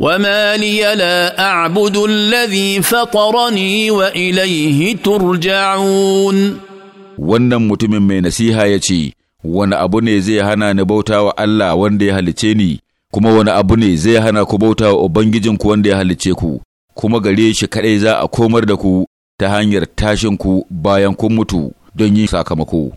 وما لي لا اعبد الذي فطرني واليه ترجعون wannan mutumin mai nasiha ya ce wani abu ne zai hana ni bauta wa Allah wanda ya halicce ni kuma wani abu ne zai hana ku bauta wa ubangijinku wanda ya halice ku kuma gare shi kaɗai za a komar da ku ta hanyar tashin ku bayan kun mutu don yin sakamako